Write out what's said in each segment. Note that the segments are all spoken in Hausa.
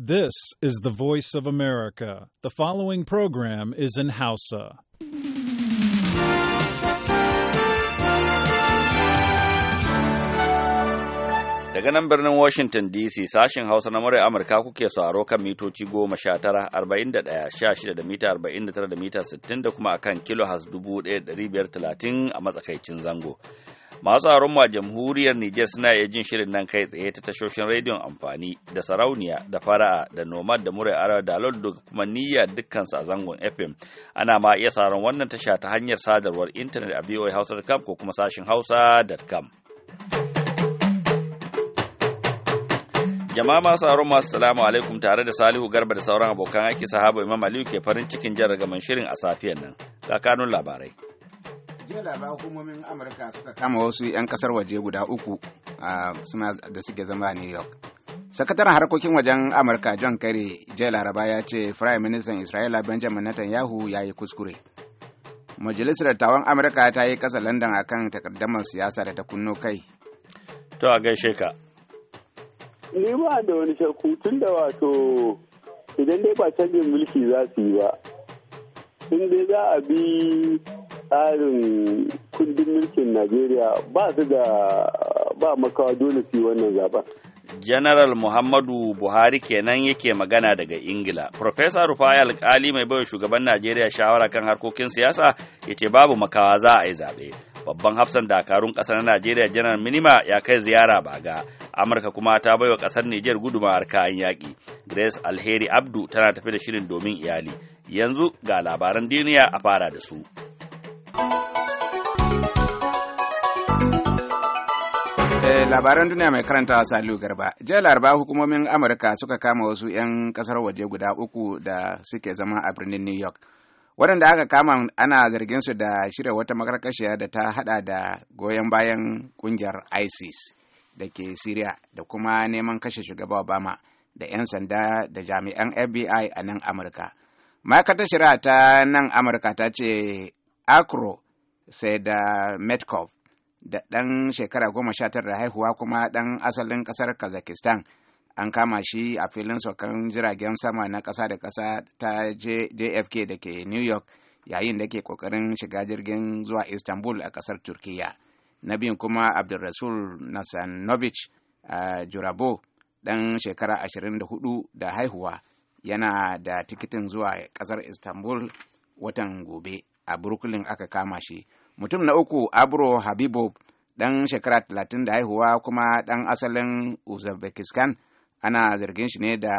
This is the voice of America. The following program is in Hausa. Daga nan birnin Washington DC sashin Hausa na murya Amurka kuke sauraro kan mitoci goma sha tara, arba'in da ɗaya, sha shida da mita arba'in da tara da mita sittin da kuma akan kilo has dubu ɗaya ɗari biyar talatin a matsakaicin zango. masu tsaron ma jamhuriyar Nijar suna iya jin shirin nan kai tsaye ta tashoshin rediyon amfani da sarauniya da fara'a da nomad da murai arawa da lol kuma niyya dukkan a zangon FM ana ma iya sauraron wannan tasha ta hanyar sadarwar intanet a Hausa.com ko kuma sashin hausa.com jama'a masu aron masu salamu alaikum tare da salihu garba da sauran abokan aiki sahaba imam aliyu ke farin cikin jan ragaman shirin a safiyar nan kakanun labarai jiya hukumomin amurka suka kama wasu 'yan kasar waje guda uku suna da suke zama a new york sakataren harkokin wajen amurka john kerry jiya laraba ya ce prime minister isra'ila benjamin netanyahu ya yi kuskure majalisar dattawan amurka ta yi kasa london kan takardamar siyasa da ta kunno kai to a gaishe ka ni ba da wani shakku tun da wato idan dai ba canjin mulki za su yi ba in dai za a bi tsarin kundin mulkin najeriya ba su da ba makawa dole su yi wannan zaben General Muhammadu Buhari kenan yake magana daga Ingila. Profesa Rufai Alkali mai baiwa shugaban Najeriya shawara kan harkokin siyasa ya ce babu makawa za a yi zaɓe. Babban hafsan dakarun ƙasar na Najeriya Janar Minima ya kai ziyara baga. Amurka kuma ta baiwa ƙasar Nijar gudumar kayan yaƙi. Grace Alheri Abdu tana tafi da shirin domin iyali. Yanzu ga labaran duniya a fara da su. Eh, labaran duniya mai karantawa Salihu Garba. Jiya Laraba hukumomin Amurka suka kama wasu 'yan kasar waje guda uku da suke zama a birnin New York. Waɗanda aka kama ana zargin su da shirya wata makarkashiya da ta hada da goyon bayan ƙungiyar ISIS da ke Syria da kuma neman kashe shugaba Obama da 'yan sanda da jami'an FBI a nan Amurka. Ma'aikatar shirya ta nan Amurka ta ce Acro sai da Metcalf da ɗan shekara goma sha tara da haihuwa kuma ɗan asalin ƙasar Kazakhstan. An kama shi a filin saukan jiragen sama na ƙasa da ƙasa ta JFK da ke New York yayin da ke ƙoƙarin shiga jirgin zuwa Istanbul a ƙasar Turkiyya. Na biyun kuma Abdulrasul nasanovich a Jurabo ɗan shekara 24 da haihuwa yana da tikitin zuwa ƙasar Istanbul watan gobe a Brooklyn aka kama shi. mutum na uku abro habibu ɗan shekara talatin da haihuwa kuma ɗan asalin uzbekistan ana zargin shi ne da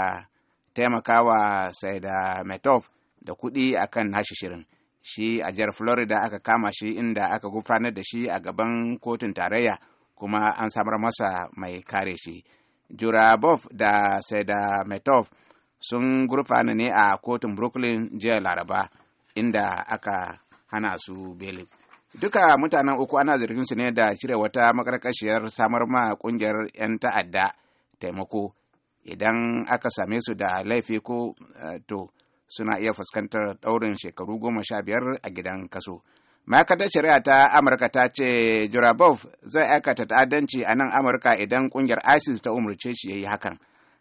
taimakawa saida metov da kuɗi akan nashi shirin shi a jihar florida aka kama shi inda aka gufanar da shi a gaban kotun tarayya kuma an samar masa mai kare shi jurabov da saida metov sun gurfana ne a kotun brooklyn jiya laraba inda aka hana su belin duka mutanen uku ana zargin su ne da cire wata makarkashiyar samar ma kungiyar 'yan ta'adda taimako idan aka same su da laifi ko eh, to suna iya fuskantar daurin shekaru goma sha biyar a gidan kaso ma'aikatar shari'a ta amurka ta ce jurabov zai aikata ta'addanci a nan amurka idan kungiyar isis ta umarce shi ya yi hakan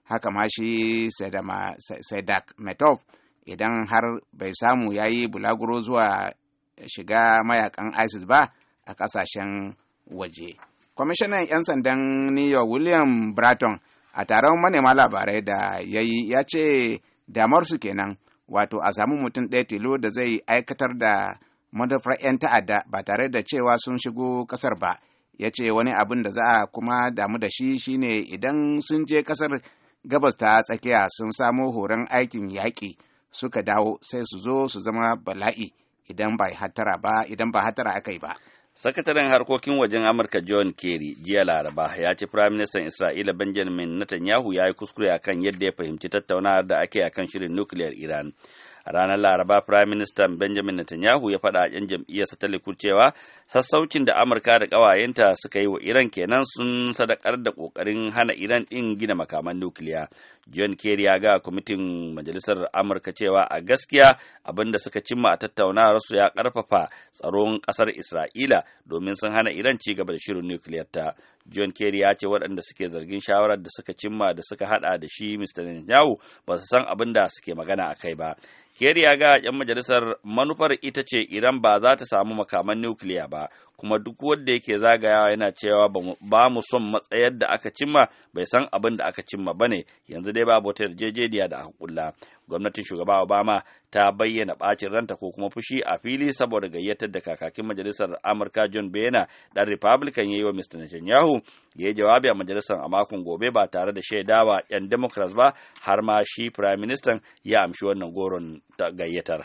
haka ma shi sadak metov idan har bai samu ya yi bulaguro zuwa shiga mayakan isis ba a kasashen waje kwamishinan 'yan sandan new york william bratton a taron manema labarai da ya yi ya ce damar su kenan wato a samu mutum ɗaya tilo da zai aikatar da madafar 'yan ta'adda ba tare da cewa sun shigo ƙasar ba ya ce wani abin da za a kuma damu da shi shine idan sun je ƙasar gabas ta tsakiya sun samo horon aikin yaƙi suka dawo sai su zo su zama bala'i idan ba hatara ba idan ba hatara aka yi ba sakataren harkokin wajen amurka john kerry jiya laraba ya ce firaministan isra'ila benjamin netanyahu ya yi kuskure akan yadda ya fahimci tattaunawar da ake akan shirin nukiliyar iran ranar laraba prime minister benjamin netanyahu ya faɗa 'yan jam'iyyarsa ta likud cewa sassaucin da amurka da ƙawayenta suka yi wa iran kenan sun sadakar da ƙoƙarin hana iran ɗin gina makaman nukiliya john kerry ya ga kwamitin majalisar amurka cewa a gaskiya abin da suka cimma a tattaunawar su ya ƙarfafa tsaron ƙasar isra'ila domin sun hana iran ci gaba da shirin nukiliyarta john kerry ya ce waɗanda suke zargin shawarar da suka cimma da suka hada da shi mr netanyahu ba su san abin da suke magana a kai ba kerry ya ga 'yan majalisar manufar ita ce iran ba za ta samu makaman nukiliya ba kuma duk wanda yake zagayawa yana cewa ba mu son matsayar da aka cimma bai san abin da aka cimma ba ne yanzu dai babu wata yarjejeniya da aka kulla gwamnatin shugaba obama ta bayyana bacin ranta ko kuma fushi a fili saboda gayyatar da kakakin majalisar amurka john bena ɗan republican ya yi wa mr netanyahu ya yi jawabi a majalisar a makon gobe ba tare da shaidawa 'yan democrats ba har ma shi prime minister ya amshi wannan goron gayyatar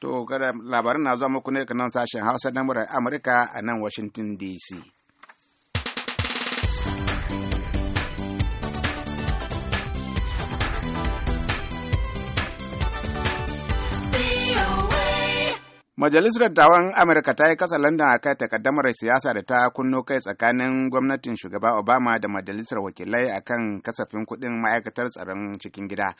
to kada labarin na zuwa muku ne kanan sashen hausa na murar amurka a nan washington dc Majalisar Dattawan Amurka ta yi kasa London a kai takaddamar siyasa da ta kunno kai tsakanin gwamnatin shugaba Obama da Majalisar Wakilai a kan kasafin kuɗin ma'aikatar tsaron cikin gida.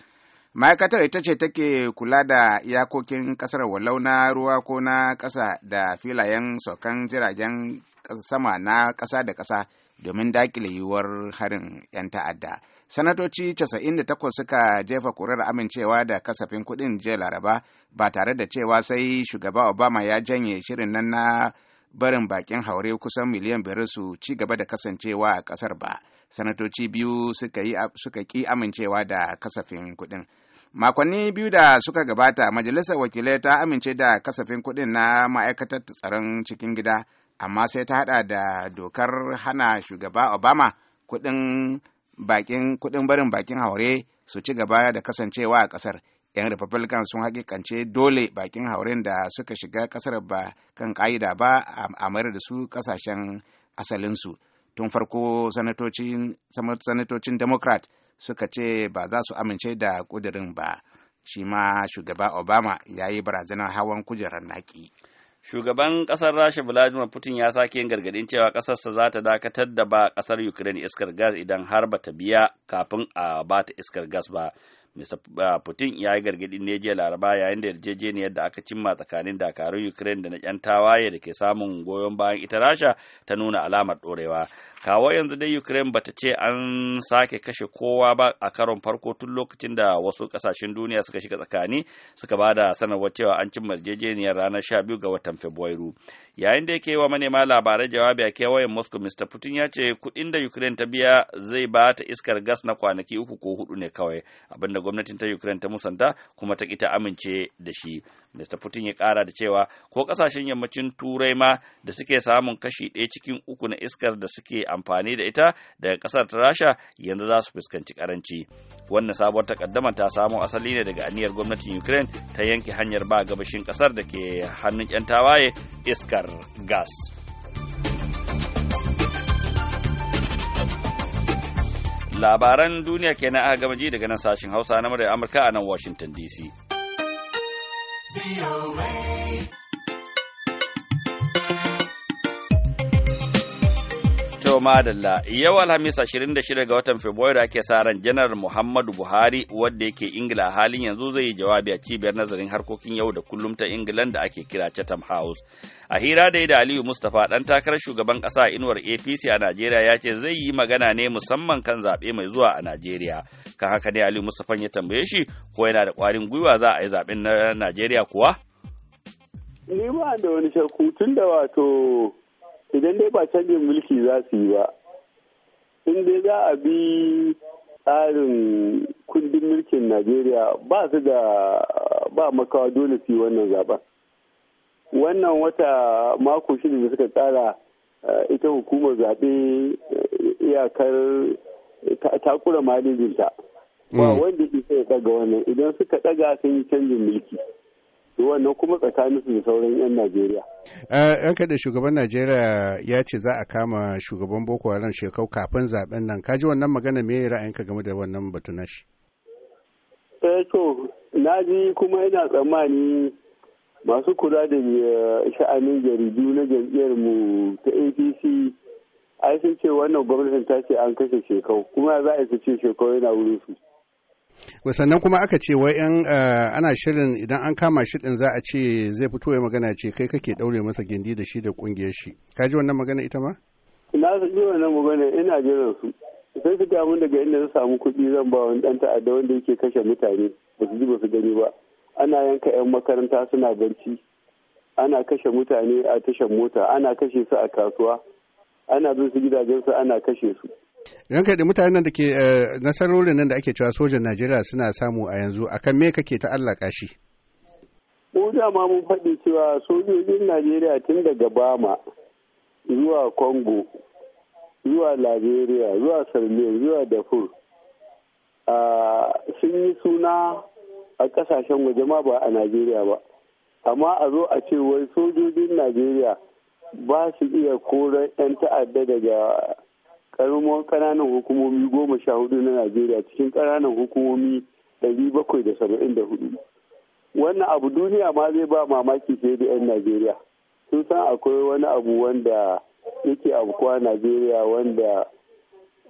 Ma'aikatar ita ce take kula da iyakokin ƙasar walau na ruwa ko na ƙasa da filayen saukan jiragen sama na ƙasa da ƙasa domin daƙile yiwuwar harin 'yan ta'adda. sanatoci 98 suka jefa kurar amincewa da kasafin kuɗin jiya laraba ba tare da cewa sai shugaba obama ya janye shirin nan na barin bakin haure kusan miliyan biyar su ci gaba da kasancewa a kasar ba sanatoci biyu suka ki amincewa da kasafin kuɗin makonni biyu da suka gabata majalisar wakilai ta amince da kasafin kuɗin na ma'aikatar tsaron cikin gida amma sai ta hada da dokar hana shugaba obama kuɗin bakin kuɗin barin bakin haure su ci gaba da kasancewa a ƙasar 'yan republican sun hakikance dole bakin hauren da suka shiga ƙasar ba kan ƙa'ida ba a mayar da su ƙasashen asalinsu tun farko sanatocin democrat suka ce ba za su amince da ƙudurin ba shi ma shugaba obama ya yi barazanar hawan kujerar naƙi. shugaban ƙasar rasha vladimir putin ya sake yin gargadin cewa ƙasarsa za ta dakatar da ba ƙasar ukraine iskar gas idan har ba ta biya kafin a ba ta iskar gas ba mr uh, putin ya yi gargaɗin ne jiya laraba yayin da yarjejeniyar da aka cimma tsakanin dakarun ukraine da na yan tawaye da ke samun goyon bayan ita rasha ta nuna alamar ɗorewa kawo yanzu dai ukraine bata ce an sake kashe kowa ba a karon farko tun lokacin da wasu kasashen duniya suka shiga tsakani suka ba da sanarwar cewa an cimma yarjejeniyar ranar 12 ga watan fabrairu yayin da yake wa manema labarai jawabi a kewayen moscow mr putin ya ce kuɗin da ukraine ta biya zai ba ta iskar gas na kwanaki uku ko hudu ne kawai abinda gwamnatin ta ukraine ta musanta kuma ta ki ta amince da shi Mr. Putin ya kara da cewa ko kasashen yammacin Turai ma da suke samun kashi ɗaya cikin uku na iskar da suke amfani da ita daga kasar ta Rasha yanzu za su fuskanci karanci. Wannan sabuwar takaddama ta samo asali ne daga aniyar gwamnatin Ukraine ta yanke hanyar ba gabashin kasar da ke hannun 'yan tawaye iskar gas. Labaran duniya kenan aka gama ji daga nan sashen Hausa na Amurka a nan Washington DC. VOA. Ado madalla, yau Alhamis 26 ga watan Fabrairu ake sa ran Janar Muhammadu Buhari wadda yake Ingila halin yanzu zai yi jawabi a cibiyar nazarin harkokin yau da kullum ta Ingilan da ake kira Chatham House. A hira da da Aliyu Mustapha dan takarar shugaban kasa inuwar APC a Najeriya ya ce zai yi magana ne musamman kan zaɓe mai zuwa a Najeriya. Kan haka ne Aliyu Mustapha ya tambaye shi ko yana da ƙwarin gwiwa za a yi zaɓen na Najeriya kuwa? Ni ba da wani shakku tun da wato idan dai ba canjin mulki za su yi ba in dai za a bi tsarin kundin mulkin najeriya ba su da ba makawa dole su yi wannan zaben wannan wata mako shida da suka tsara eh, ita hukumar zaɓe eh, iyakar eh, takura malibinta ba mm. wanda sai ya ɗaga wannan idan suka ɗaga sun yi canjin mulki wannan kuma tsakanin su da sauran eh, 'yan Najeriya. Ranka da shugaban Najeriya ya ce za a kama shugaban Boko Haram shekau kafin zaɓen nan. kaji wannan magana me ra'ayinka game da wannan batu na shi? Eh to, na ji kuma yana tsammani masu kula da eh, sha'anin jaridu na jam'iyyar mu ta APC ai sun ce wannan gwamnatin ta ce an kashe shekau kuma za a ce shekau yana wurin su. sannan kuma aka ce wai yan eh, ana shirin idan an kama shi din za a ce zai fito ya magana ce kai kake daure masa gindi da shi da kungiyar shi ka ji wannan magana ita ma na ji wannan magana ina jiran su sai su mun daga inda na samu kuɗi zan ba wani dan ta'adda wanda yake kashe mutane ba su ji ba su gani ba ana yanka 'yan makaranta suna barci ana kashe mutane a tashar mota ana kashe su a kasuwa ana bin su gidajen su ana kashe su ranka da mutanen da ke eh, nasarorin nan da ake cewa sojan najeriya suna samu a yanzu akan me kake ta allaka shi mu dama mun faɗi cewa sojojin najeriya tun daga bama zuwa congo zuwa liberia zuwa sarmiya zuwa dafur sun yi suna a ƙasashen waje ma ba a najeriya ba amma a zo a ce wai sojojin najeriya ba su iya koren 'yan ta'adda daga karamar kananan hukumomi goma sha hudu na najeriya cikin kananan hukumomi ɗari bakwai da saba'in da hudu wannan abu duniya ma zai ba mamaki sai da 'yan najeriya sun san akwai wani abu wanda yake abukuwa najeriya wanda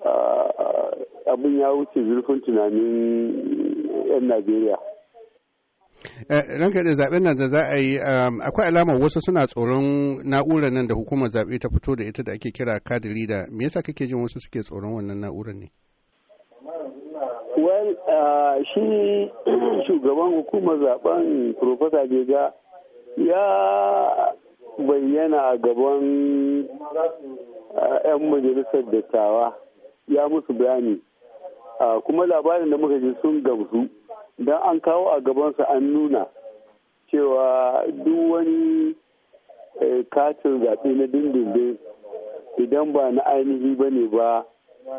ah, abin ya wuce zurfin tunanin 'yan najeriya Eh, ranka da zaben nan da za a yi um, akwai alama wasu suna tsoron na'urar nan da hukumar zaɓe ta fito da ita da ake kira kadiri da me yasa kake jin wasu suke tsoron wannan na'urar ne well uh, shi shugaban hukumar zaben profesa jega ya bayyana a gaban 'yan uh, majalisar dattawa ya musu bayani uh, kuma labarin da muka ji sun gamsu don an kawo a gabansa an nuna cewa duk wani eh, katin zaɓe na dindindin idan ba na ainihi ba ne ba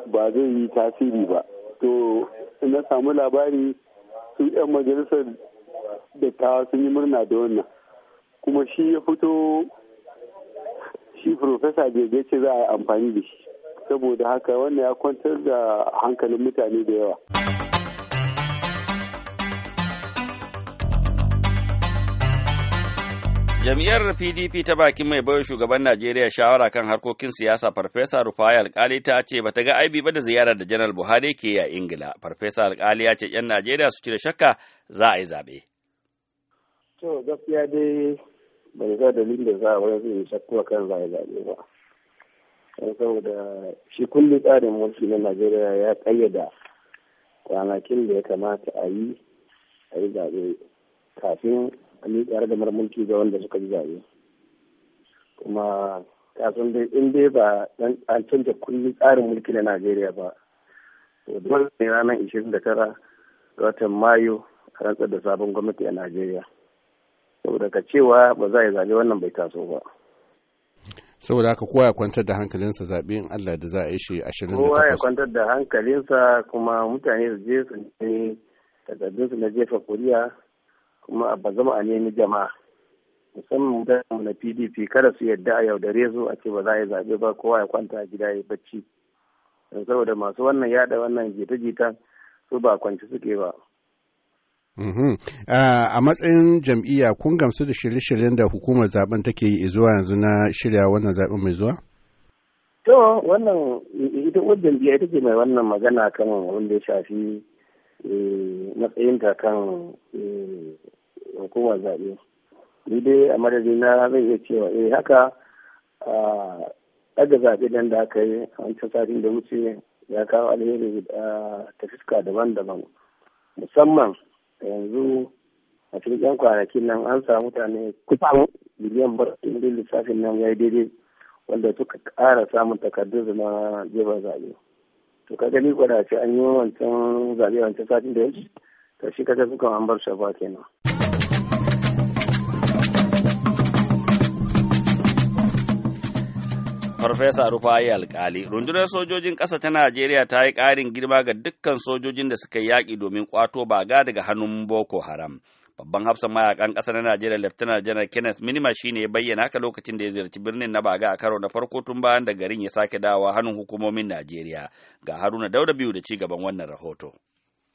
ba zai yi tasiri ba to na samu labari su 'yan majalisar dattawa sun yi murna da wannan kuma shi ya fito shi profesa bai ce za a yi amfani da shi saboda haka wannan ya kwantar da hankalin mutane da yawa. Jam'iyyar PDP ta bakin mai bayar shugaban Najeriya shawara kan harkokin siyasa Farfesa Rufai Alkali ta ce bata ga aibi ba da ziyarar da Janar Buhari ke a Ingila. Farfesa Alkali ya ce 'yan Najeriya su cire shakka za a yi zaɓe. To gaskiya dai bai ga dalilin da za a wani zai shakku kan za a yi zaɓe ba. Saboda shi kullum tsarin mulki na Najeriya ya ƙayyada kwanakin da ya kamata a yi a yi zaɓe kafin miƙa mara mulki ga wanda suka ji zaɓe kuma kasan dai in dai ba an canza kulli tsarin mulki na najeriya ba to dole ne ranar ishirin da tara ga watan mayu a rantsar da sabon gwamnati a najeriya saboda ka cewa ba za a yi zaɓe wannan bai taso ba saboda haka kowa ya kwantar da hankalinsa zaɓe in allah da za a yi shi ashirin da kowa ya kwantar da hankalinsa kuma mutane su je su ne takardunsu na jefa kuriya kuma ba zama a nemi jama'a musamman da na pdp kada su yadda a yaudare su a ce ba za a yi zaɓe ba kowa ya kwanta a gida ya bacci don saboda masu wannan yada wannan jita-jita su ba kwanci suke ba mhm. a matsayin jam'iyya kun gamsu da shirye-shiryen da hukumar zaben take yi zuwa yanzu na shirya wannan zaben mai zuwa to wannan ita wajen biya ita ke mai wannan magana kan wanda ya shafi eh, matsayinta kan eh, hukumar zaɓe ni dai a madadin na zai iya cewa eh haka a ɗaga zaɓe nan da aka yi a wancan satin da wuce ya kawo alheri ta fuska daban-daban musamman yanzu a cikin 'yan kwanakin nan an samu mutane kusan biliyan barkin da lissafin nan ya yi daidai wanda suka ƙara samun takardun zama jefa zaɓe to ka gani kwanaki an yi wancan zaɓe wancan satin da ci to shi kaga suka an bar shafa kenan Farfesa Rufai Alkali, rundunar sojojin ƙasa ta Najeriya ta yi ƙarin girma ga dukkan sojojin da suka yi yaƙi domin ƙwato baga daga hannun Boko Haram. Babban hafsan mayakan ƙasa na Najeriya Laftanar Janar Kenneth Minima shi ne ya bayyana haka lokacin da ya ziyarci birnin na Baga a karo na farko tun bayan da garin ya sake dawa hannun hukumomin Najeriya. Ga Haruna Dauda biyu da ci gaban wannan rahoto.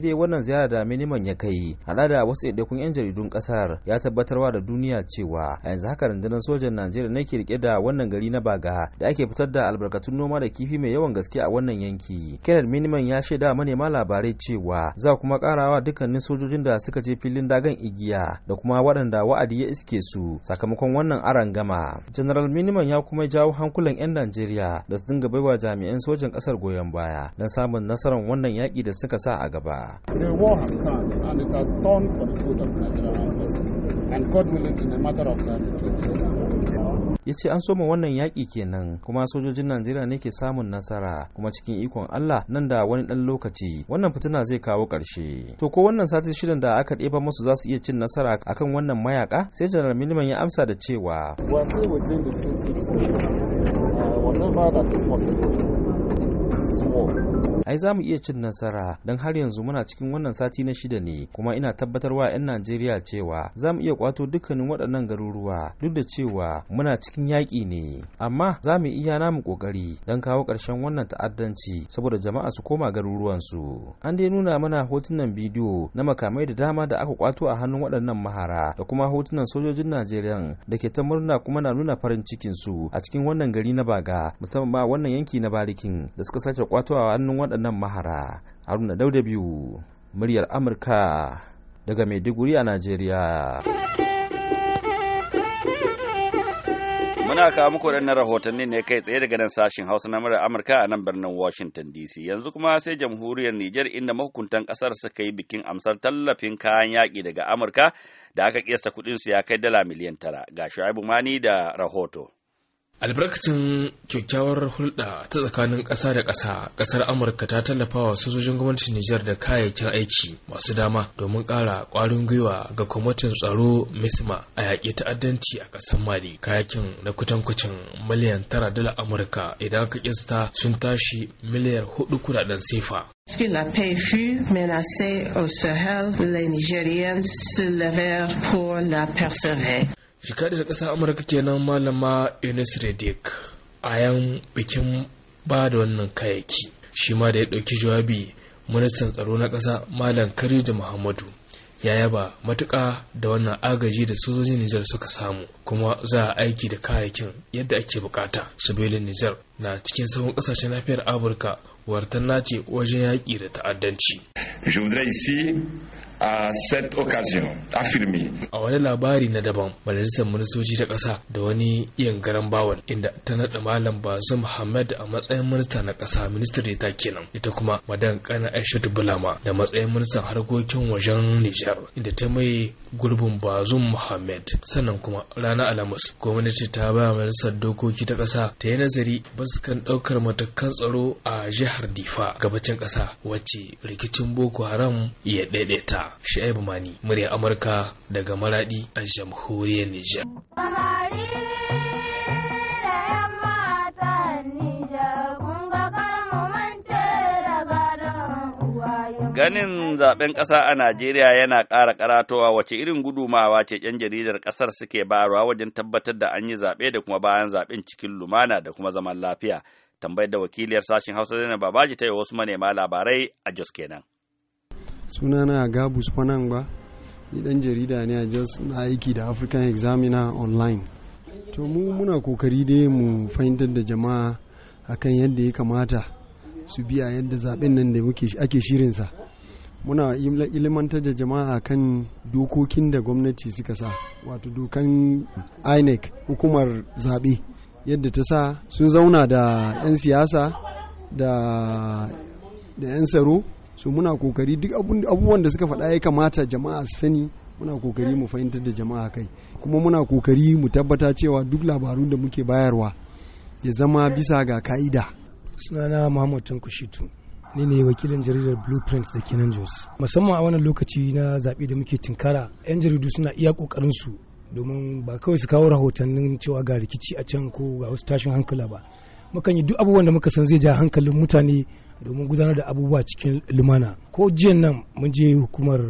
dai wannan ziyara da miniman ya kai hada da wasu ɗaiɗaikun 'yan jaridun ƙasar ya tabbatarwa da duniya cewa a yanzu haka rundunar sojan najeriya ne ke rike da wannan gari na baga da ake fitar da albarkatun noma da kifi mai yawan gaske a wannan yanki kenan miniman ya shaida manema labarai cewa za kuma karawa dukkanin sojojin da suka je filin dagan igiya da kuma waɗanda wa'adi ya iske su sakamakon wannan aron gama general miniman ya kuma jawo hankulan 'yan najeriya da su dinga baiwa jami'an sojan kasar goyon baya don samun nasarar wannan yaki da suka sa a gaba The war has turned and it has turned for the good of Nigerian and God willing in a matter of time ya ce an soma wannan yaƙi kenan kuma sojojin najeriya ne ke samun nasara kuma cikin ikon allah nan da wani ɗan lokaci wannan fitina zai kawo ƙarshe to ko wannan sati shirin da aka ɗeba musu za su iya cin nasara akan wannan mayaka sai janar miliman ya amsa da cewa ai za mu iya cin nasara don har yanzu muna cikin wannan sati na shida ne kuma ina tabbatarwa 'yan Najeriya cewa za mu iya kwato dukkanin waɗannan garuruwa duk da cewa muna cikin yaƙi ne amma za mu iya namu ƙoƙari don kawo ƙarshen wannan ta'addanci saboda jama'a su koma garuruwansu an dai nuna mana hotunan bidiyo na makamai da dama da aka kwato a hannun waɗannan mahara da kuma hotunan sojojin Najeriya da ke ta murna kuma na nuna farin cikinsu a cikin wannan gari na Baga musamman ma wannan yanki na Barikin da suka sake kwato a hannun waɗannan waɗannan mahara haruna dauda biyu muryar amurka daga maiduguri a najeriya muna kawo muku waɗannan rahotanni ne kai tsaye daga nan sashen hausa na murar amurka a nan birnin washington dc yanzu kuma sai jamhuriyar Nijar inda mahukuntan ƙasar suka yi bikin amsar tallafin kayan yaƙi daga amurka da aka kiyasta kuɗinsu ya kai dala miliyan tara ga shu'aibu mani da rahoto albarkacin kyakkyawar hulɗa ta tsakanin ƙasa da ƙasa ƙasar amurka ta tallafa wa sojojin gwamnatin nijar da kayayyakin aiki masu dama domin ƙara ƙwarin gwiwa ga kwamitin tsaro misma a yaƙi ta'addanci a ƙasar mali kayakin na kutankucin miliyan tara dala amurka idan aka kista sun tashi miliyar hudu kudaden sefa Ce la paix fut menacée au Sahel, les Nigériens se levèrent pour la persévérer. da ƙasar amurka kenan malama eunice redick a yan bikin ba da wannan kayaki shi ma da ya ɗauki jawabi ministan tsaro na ƙasa malam kariju muhammadu ya yaba matuƙa da wannan agaji da sojojin nijar suka samu kuma za a aiki da kayayyakin yadda ake bukata sabilin nijar na cikin sauran ƙasashen lafiyar amurka wartan nace wajen yaƙi da ta'addanci a set occasion affirmé a wani labari na daban majalisar ministoci ta ƙasa da wani yin garan bawal inda ta naɗa malam bazum hamad a matsayin minista na ƙasa ministar ta kenan ita kuma madan kana aishatu bulama da matsayin ministan harkokin wajen nijar inda ta mai gurbin bazum muhammad sannan kuma ranar alhamis gwamnati ta ba majalisar dokoki ta ƙasa ta yi nazari kan ɗaukar matakan tsaro a jihar difa gabacin ƙasa wacce rikicin boko haram ya ɗaiɗaita Shaibu Mani murya Amurka daga Maradi a jamhuriyar Nijar Ganin zaben ƙasa a Najeriya yana ƙara karatowa wace irin gudumawa ce 'yan jaridar ƙasar suke barawa wajen tabbatar da an yi zaɓe da kuma bayan zaɓen cikin lumana da kuma zaman lafiya. Tambayar da wakiliyar sashen Hausa Zainab Babaji ta yi wasu manema labarai a Jos kenan. sunana gabus ba ni dan jarida ne a jos na aiki da african examiner online to mu muna kokari dai mu fahimtar da jama'a akan yadda ya kamata su biya yadda zaben nan da ake shirinsa muna ilimantar da jama'a kan dokokin da gwamnati suka sa wato dokan inec hukumar zaɓe yadda ta sa sun zauna da 'yan siyasa da 'yan tsaro so muna kokari duk abubuwan da suka faɗa ya kamata jama'a sani muna kokari mu fahimtar da jama'a kai kuma muna kokari mu tabbata cewa duk labarun da muke bayarwa ya zama bisa ga ka'ida sunana muhammad tankushitu ni ne wakilin jaridar blueprint da kenan jos musamman a wannan lokaci na zaɓe da muke tinkara 'yan jaridu suna iya su domin ba kawai su kawo rahotannin cewa ga rikici a can ko ga wasu tashin hankula ba mukan yi duk abubuwan da muka san zai ja hankalin mutane domin gudanar da abubuwa cikin lumana ko jiya nan mun je hukumar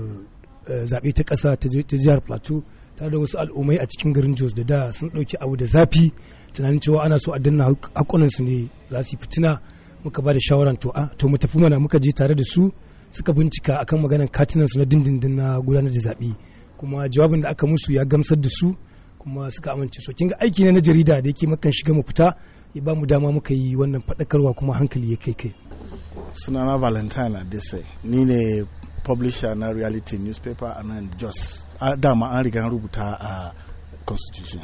eh, zaɓe ta ƙasa ta jihar plateau ta da wasu al'ummai a cikin garin jos da da sun ɗauki abu da zafi tunanin cewa ana so a danna su ne za su yi fitina muka ba da shawaran to a ah, to mu tafi mana muka je tare da su suka bincika akan maganar katinansu na dindindin na gudanar da zaɓe kuma jawabin da aka musu ya gamsar da su kuma suka amince so kinga aiki ne na jarida da yake makan shiga mu fita ya ba mu dama muka yi wannan faɗakarwa kuma hankali ya kai kai sunana valentine adesai ni ne publisher na reality newspaper a nan jos dama an riga rubuta a constitution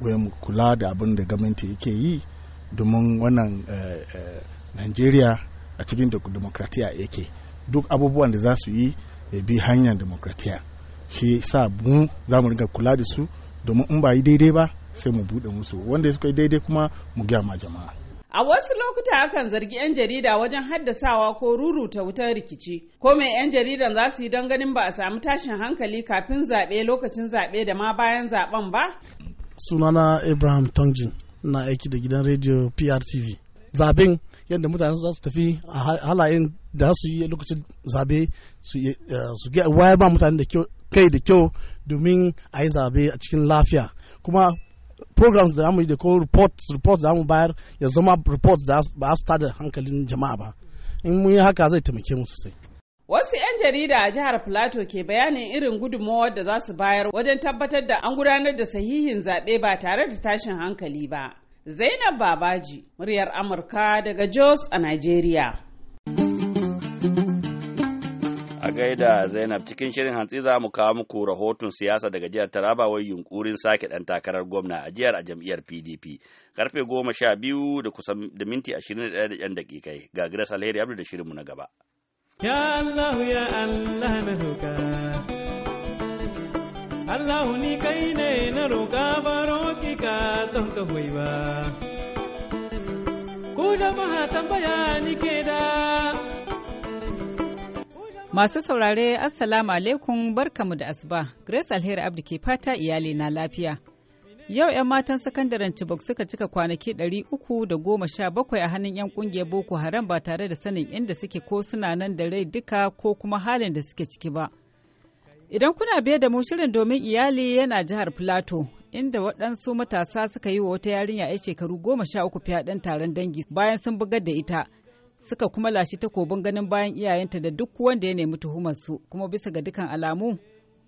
mu kula da abin da gwamnati yake yi domin wannan eh, eh, nigeria a cikin demokratiya yake duk abubuwan da za su yi ya bi hanyar demokratiya shi sa mu za mu riga kula da su domin in ba yi daidai ba sai mu buɗe musu wanda suka yi daidai kuma mu gaya ma jama'a A wasu lokuta akan zargi 'yan jarida wajen haddasawa ko ruruta wutar rikici, ko mai 'yan jaridan za su yi don ganin ba a samu tashin hankali kafin zaɓe lokacin zaɓe da ma bayan zaɓen ba? Sunana Ibrahim Tongjin na aiki da gidan rediyo PRTV. Zaɓen yadda mutane za su tafi a halayen da su yi lokacin zaɓe su eh, wayar ba mutane da kai da kyau domin a yi zaɓe a cikin lafiya. Kuma programs da mu yi da ko reports reports da mu bayar ya zama reports da ba su tada hankalin jama'a ba in mun yi haka zai taimake mu sosai Wasu 'yan jarida a jihar Plateau ke bayanin irin gudunmawar da za su bayar wajen tabbatar da an gudanar da sahihin zaɓe ba tare da tashin hankali ba. Zainab Babaji, muryar Amurka daga Jos a nigeria. gaida zainab cikin shirin hantsi za mu kawo muku rahoton siyasa daga jihar taraba wai yunkurin sake dan takarar gwamna a jihar a jam'iyyar pdp karfe goma sha biyu da kusan da minti ashirin da ɗaya da ɗan ga grace alheri abdu da shirinmu na gaba ya allah ya allah na roƙa. allah ni kai ne na roƙa ba roƙi ka don ka hoyi ba ku jama'a tambaya ni ke da Masu saurare Assalamu alaikum barkamu da asuba. Grace Alheri Abdi ke fata iyali na lafiya. Yau 'yan matan sakandaren Chibok suka cika kwanaki 317 a hannun 'yan kungiyar Boko Haram ba tare da sanin inda suke ko suna nan da rai duka ko kuma halin da suke ciki ba. Idan kuna biye da mu shirin domin iyali yana jihar Filato, inda waɗansu matasa suka yi wa wata yarinya 'yar shekaru goma sha uku taron dangi bayan sun bugar da ita. suka kuma lashe takobin ganin bayan iyayenta da duk wanda ya nemi tuhumarsu kuma bisa ga dukan alamu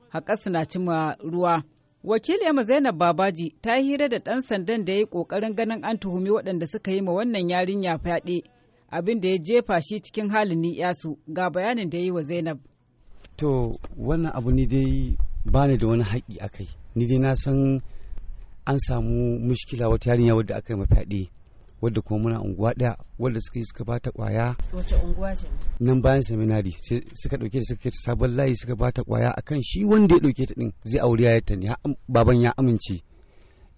haƙarsu na cima ruwa. Wakiliyar Zainab Babaji ta yi hira da ɗan sandan da ya yi ƙoƙarin ganin an tuhumi waɗanda suka yi ma wannan yarinya fyaɗe abin da ya jefa shi cikin halin ni yasu ga bayanin da ya yi wa Zainab. To wannan abu ni dai ba ni da wani haƙi akai ni dai na san an samu mushkila wata yarinya wadda aka yi ma fyaɗe wadda kuma muna unguwa ɗaya wadda suka yi suka bata kwaya nan bayan seminari suka ɗauke da suka kai sabon layi suka bata kwaya akan shi wanda ya dauke ta ɗin zai aure yayarta ne baban ya amince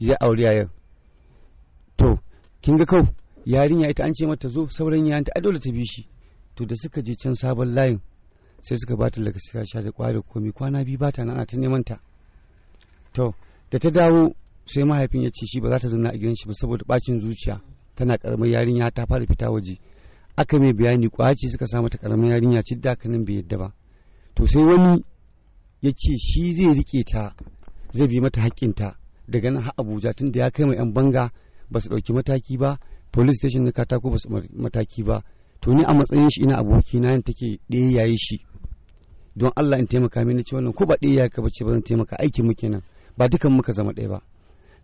zai aure yau to kin ga kau yarinya ita an ce mata zo sauran yayan ta dole ta bi shi to da suka je can sabon layin sai suka bata daga sira sha da kwari komi kwana biyu bata nan ta neman ta to da ta dawo sai mahaifin ya ce shi ba za ta zauna a gidan shi ba saboda bacin zuciya tana karamar yarinya ta fara fita waje aka mai bayani kwaci suka samu ta karamar yarinya ci da nan bai yadda ba to sai wani ya ce shi zai rike ta zai bi mata haƙƙinta daga nan har abuja tun da ya kai mai yan banga ba su ɗauki mataki ba police station na katako ba su mataki ba to ni a matsayin shi ina aboki na take ɗaya yayi shi don allah in taimaka mini ce wannan ko ba ɗaya yayi ka ce ba zan taimaka aikin mu kenan ba dukan muka zama ɗaya ba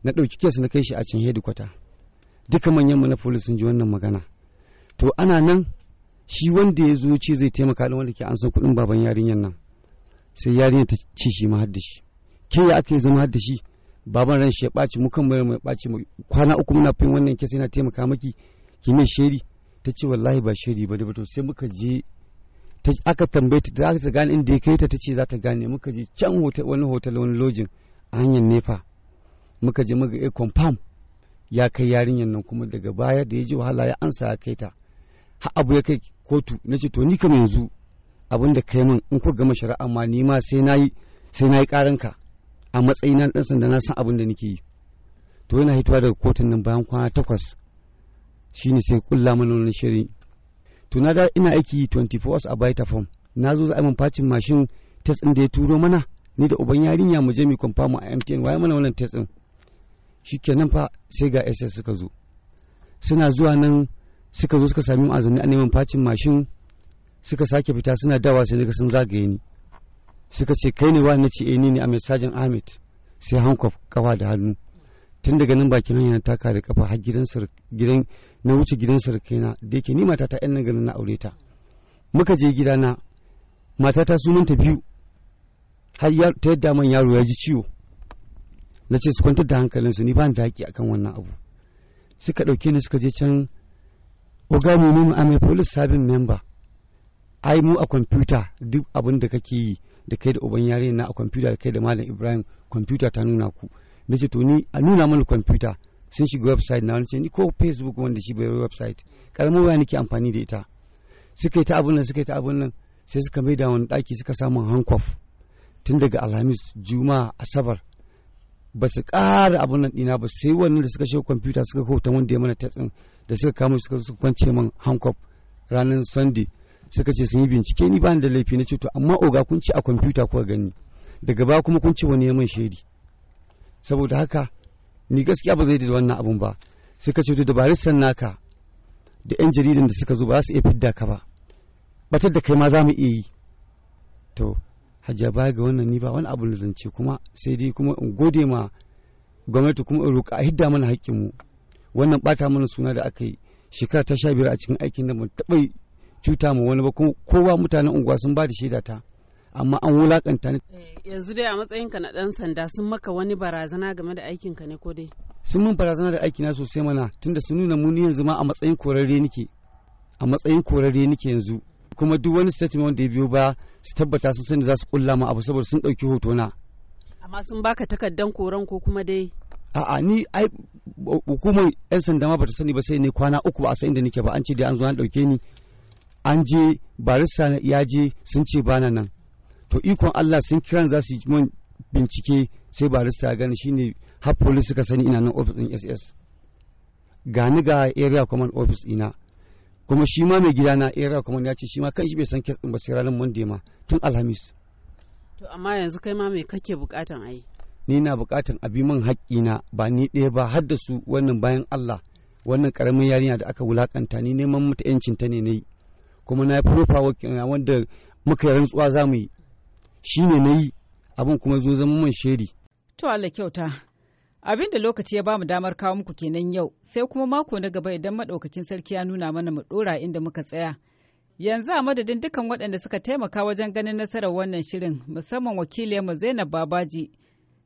na ɗauki kes na kai shi a can hedikwata duka manyan na sun ji wannan magana to ana nan shi wanda ya zo ce zai taimaka da wanda ke an san kuɗin baban yarinyar nan sai yarinyar ta ce shi ma haddashi ke ya aka yi zama haddashi baban ran shi ya ɓaci mu kan mai mai ɓaci kwana uku muna fin wannan kesa yana taimaka maki ki mai sheri ta ce wallahi ba sheri ba da to sai muka je aka tambaye ta za ta gane inda ya kai ta ta ce za ta gane muka je can wani hotel wani lojin a hanyar nefa muka je muka ga eh, confirm ya kai yarinyar nan kuma daga baya da ya ji wahala ya ansa ya kai ta ha abu ya kai kotu na ce to ni kam yanzu abin da kai min in ku gama shari'a ma ni ma sai nayi sai nayi karanka a matsayin na dan sanda na san abin da nake yi to yana hitowa daga kotun nan bayan kwana takwas shine sai kulla mana wannan shiri to na da ina aiki 24 hours a baita form na zo za a min facin mashin test din da ya turo mana ni da uban yarinya mu je mu kwamfa mu a MTN waye mana wannan test din kenan fa sai ga ss suka zo suna zuwa nan suka zo suka sami azumi a neman facin mashin suka sake fita suna dawa sai daga sun zagaye ni suka ce kai ne na ce eh, ni ne a mai sajin ahmed sai hankof kafa da hannu tun daga nan bakin hanya taka da kafa har gidan gidan na wuce gidan sarkaina da yake ni mata ta yan nan na aure ta muka je gidana matata su manta biyu har ta yadda man yaro ya ji ciwo na ce su kwantar da hankalinsu ni ba ni daki akan wannan abu suka ɗauke ni suka je can oga ne mu ame police sabin member ai mu a kwamfuta duk abin da kake yi da kai da uban yare na a kwamfuta da kai da malam ibrahim kwamfuta ta nuna ku na ce to ni a nuna mana kwamfuta sun shiga website na wani ce ni ko facebook wanda shi bai website karamin waya nake amfani da ita suka yi ta abin nan suka yi ta abin nan sai suka da wani daki suka samu hankof tun daga alhamis juma'a asabar ba su ƙara abun nan ɗina ba sai wannan da suka shiga kwamfuta suka hoton wanda ya mana tatsin da suka kama suka kwance man hankop ranar sunday suka ce sun yi bincike ni ba da laifi na ce amma oga kun ce a kwamfuta kuka gani daga ba kuma kun ce wani ya man shaidi saboda haka ni gaskiya ba zai da wannan abun ba suka ce to da barisan naka da yan jaridan da suka zo ba za su iya fidda ka ba batar da kai ma za mu iya yi to hajiya baya ga wannan ni ba wani abu na zance kuma sai dai kuma in gode ma gwamnati kuma in roƙa a hidda mana haƙƙinmu wannan ɓata mana suna da aka yi shekara ta sha biyar a cikin aikin da ban taɓa cuta ma wani ba kuma kowa mutanen unguwa sun ba da shaida ta amma an wulaƙanta ni. Eh, yanzu dai a matsayinka na ɗan sanda sun maka wani barazana game da aikinka ne ko dai. sun min barazana da aikina sosai mana tunda sun nuna ni yanzu ma a matsayin korarre nike a matsayin korarre nike yanzu kuma duk wani statement wanda ya biyo ba su tabbata sun sani za su kulla ma abu saboda sun ɗauki hoto na amma sun baka takardan koran ko kuma dai a'a ni ai hukumar yan sanda ma bata sani ba sai ne kwana uku ba a san inda nake ba an ce dai an zo an ɗauke ni an je barista ya je sun ce bana nan to ikon Allah sun kiran za su yi mun bincike sai barista ya gani shine har police suka sani ina nan office din SS gani ga area command office ina kuma shi ma mai gida na era kuma ya ce shi ma kan shi bai san kes ba sai ranar monday ma tun alhamis to amma yanzu kai ma me kake bukatan yi. ni na bukatan abi min haƙƙina ba ni ɗaya ba har da su wannan bayan Allah wannan karamin yarinya da aka wulakanta ni neman mata yancin ta ne yi kuma na yi profa wanda muka yi rantsuwa za mu yi shi ne na yi abin kuma zo zama man sheri to Allah kyauta Abin da lokaci ya bamu damar kawo muku kenan yau, sai kuma mako na gaba idan maɗaukakin sarki ya nuna mana mu ɗora inda muka tsaya. Yanzu a madadin dukkan waɗanda suka taimaka wajen ganin nasarar wannan shirin, musamman wakiliyarmu Zainab Babaji,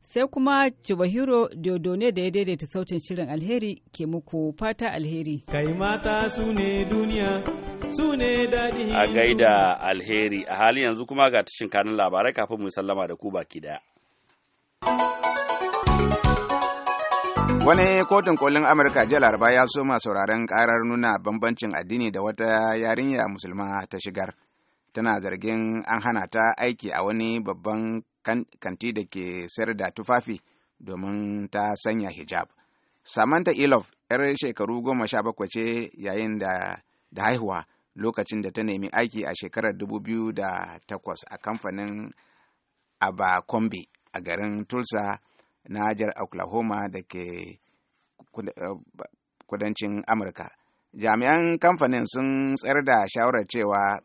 sai kuma Chubahiro Dodone da ya daidaita sautin shirin alheri ke muku fata alheri. Kai mata su ne duniya, su ne daɗi. A gaida alheri, a halin yanzu kuma ga tashin kanin labarai kafin mu sallama da ku baki ɗaya. Wani kotun kolin Amurka jiya Laraba ya soma sauraron karar nuna bambancin addini da wata yarinya musulma ta shigar. Tana zargin an hana ta aiki a wani babban kanti da ke sayar da tufafi domin ta sanya hijab. Samantha Ilof, 'yar shekaru goma sha bakwai ce yayin da haihuwa lokacin da ta nemi aiki a shekarar da takwas a kamfanin Abercrombie a garin Tulsa. Niger Oklahoma da ke eh, kudancin Amurka. Jami'an kamfanin sun tsayar da shawarar cewa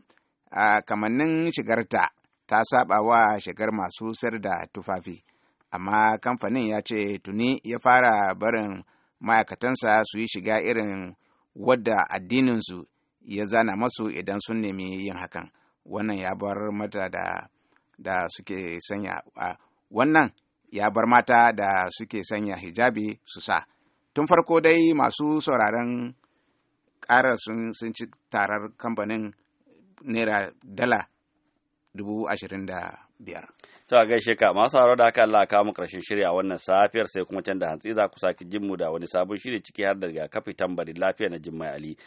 a kamannin shigarta ta saba wa shigar masu sayar da tufafi, amma kamfanin ya ce tuni ya fara barin ma'aikatansa su yi shiga irin wadda addininsu ya zana masu idan sun nemi yin hakan. Wannan ya bar mata da, da suke sanya wannan ya bar mata da suke sanya hijabi su sa tun farko dai masu sauraron ƙara sun ci tarar kamfanin naira dala dubu ashirin da biyar. To a gaishe ka masu haro da aka Allah kawo mu shirya wannan safiyar sai kuma can da hantsi za ku sake jin mu da wani sabon shiri ciki har da rigakafi tambarin lafiya na Jummai Ali.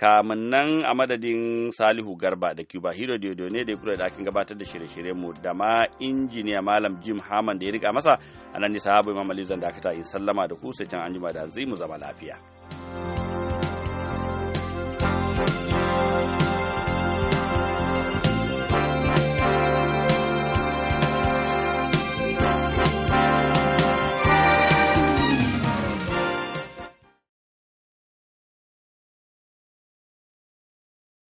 kamun nan a madadin salihu garba da cuba hero diodo ne da ya kula da akin gabatar da shirye-shiryen mu da ma injiniya malam jim haman da ya rika masa a nan ne sahabu imam zan dakata in sallama da ku sai can anjima da hanzi mu zama lafiya.